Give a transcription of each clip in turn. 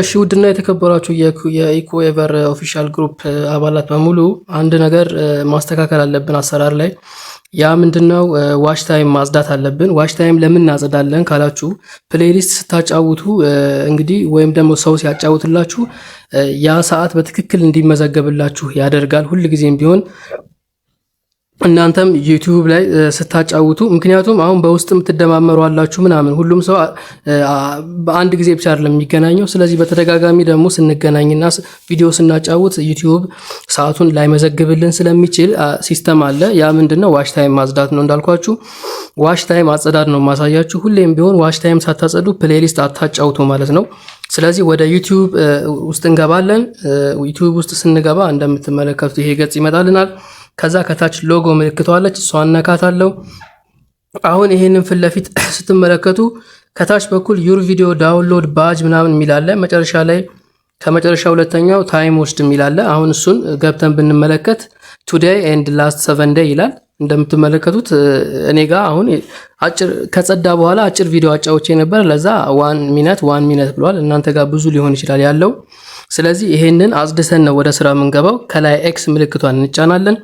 እሺ ውድና የተከበራችሁ የኢኮዌቨር ኦፊሻል ግሩፕ አባላት በሙሉ አንድ ነገር ማስተካከል አለብን አሰራር ላይ። ያ ምንድነው? ዋች ታይም ማጽዳት አለብን። ዋች ታይም ለምን እናጽዳለን ካላችሁ ፕሌሊስት ስታጫውቱ እንግዲህ ወይም ደግሞ ሰው ሲያጫውትላችሁ ያ ሰዓት በትክክል እንዲመዘገብላችሁ ያደርጋል። ጊዜም ቢሆን እናንተም ዩቲዩብ ላይ ስታጫውቱ፣ ምክንያቱም አሁን በውስጥ የምትደማመሩ አላችሁ ምናምን፣ ሁሉም ሰው በአንድ ጊዜ ብቻ አይደለም የሚገናኘው። ስለዚህ በተደጋጋሚ ደግሞ ስንገናኝና ቪዲዮ ስናጫውት ዩቲዩብ ሰዓቱን ላይመዘግብልን ስለሚችል ሲስተም አለ። ያ ምንድነው ዋሽ ታይም ማጽዳት ነው። እንዳልኳችሁ ዋሽ ታይም አጸዳድ ነው ማሳያችሁ። ሁሌም ቢሆን ዋሽ ታይም ሳታጸዱ ፕሌሊስት አታጫውቱ ማለት ነው። ስለዚህ ወደ ዩቲዩብ ውስጥ እንገባለን። ዩቲዩብ ውስጥ ስንገባ እንደምትመለከቱት ይሄ ገጽ ይመጣልናል። ከዛ ከታች ሎጎ ምልክቷ አለች፣ እሷ እነካታለሁ። አሁን ይህንን ፊት ለፊት ስትመለከቱ ከታች በኩል ዩር ቪዲዮ ዳውንሎድ ባጅ ምናምን የሚላለ መጨረሻ ላይ ከመጨረሻ ሁለተኛው ታይም ወስድ የሚላለ አሁን እሱን ገብተን ብንመለከት ቱዴይ ኤንድ ላስት ሰቨን ደይ ይላል። እንደምትመለከቱት እኔ ጋር አሁን አጭር ከጸዳ በኋላ አጭር ቪዲዮ አጫዎቼ ነበር። ለዛ ዋን ሚነት ዋን ሚነት ብሏል። እናንተ ጋር ብዙ ሊሆን ይችላል ያለው። ስለዚህ ይሄንን አጽድተን ነው ወደ ስራ የምንገባው። ከላይ ኤክስ ምልክቷን እንጫናለን።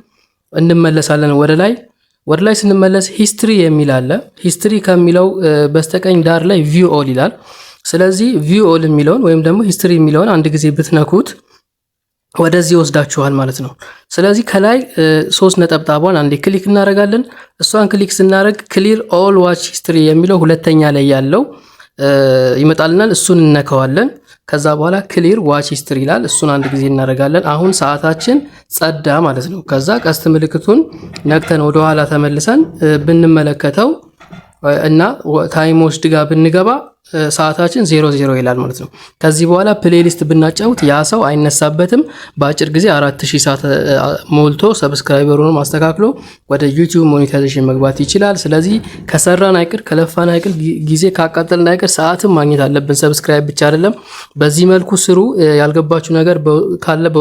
እንመለሳለን ወደ ላይ። ወደ ላይ ስንመለስ ሂስትሪ የሚል አለ። ሂስትሪ ከሚለው በስተቀኝ ዳር ላይ ቪው ኦል ይላል። ስለዚህ ቪው ኦል የሚለውን ወይም ደግሞ ሂስትሪ የሚለውን አንድ ጊዜ ብትነኩት ወደዚህ ይወስዳችኋል ማለት ነው። ስለዚህ ከላይ ሶስት ነጠብጣቧን አንዴ ክሊክ እናደርጋለን። እሷን ክሊክ ስናደርግ ክሊር ኦል ዋች ሂስትሪ የሚለው ሁለተኛ ላይ ያለው ይመጣልናል። እሱን እነከዋለን። ከዛ በኋላ ክሊር ዋች ሂስትሪ ይላል። እሱን አንድ ጊዜ እናደርጋለን። አሁን ሰዓታችን ጸዳ ማለት ነው። ከዛ ቀስት ምልክቱን ነክተን ወደኋላ ተመልሰን ብንመለከተው እና ታይም ወስድ ጋር ብንገባ ሰዓታችን ዜሮ ዜሮ ይላል ማለት ነው። ከዚህ በኋላ ፕሌሊስት ብናጫውት ያ ሰው አይነሳበትም። በአጭር ጊዜ አራት ሺህ ሰዓት ሞልቶ ሰብስክራይበሩንም አስተካክሎ ወደ ዩቲዩብ ሞኔታይዜሽን መግባት ይችላል። ስለዚህ ከሰራን አይቅር፣ ከለፋን አይቅር፣ ጊዜ ካቃጠልን አይቅር ሰዓትም ማግኘት አለብን። ሰብስክራይብ ብቻ አይደለም። በዚህ መልኩ ስሩ። ያልገባችሁ ነገር ካለ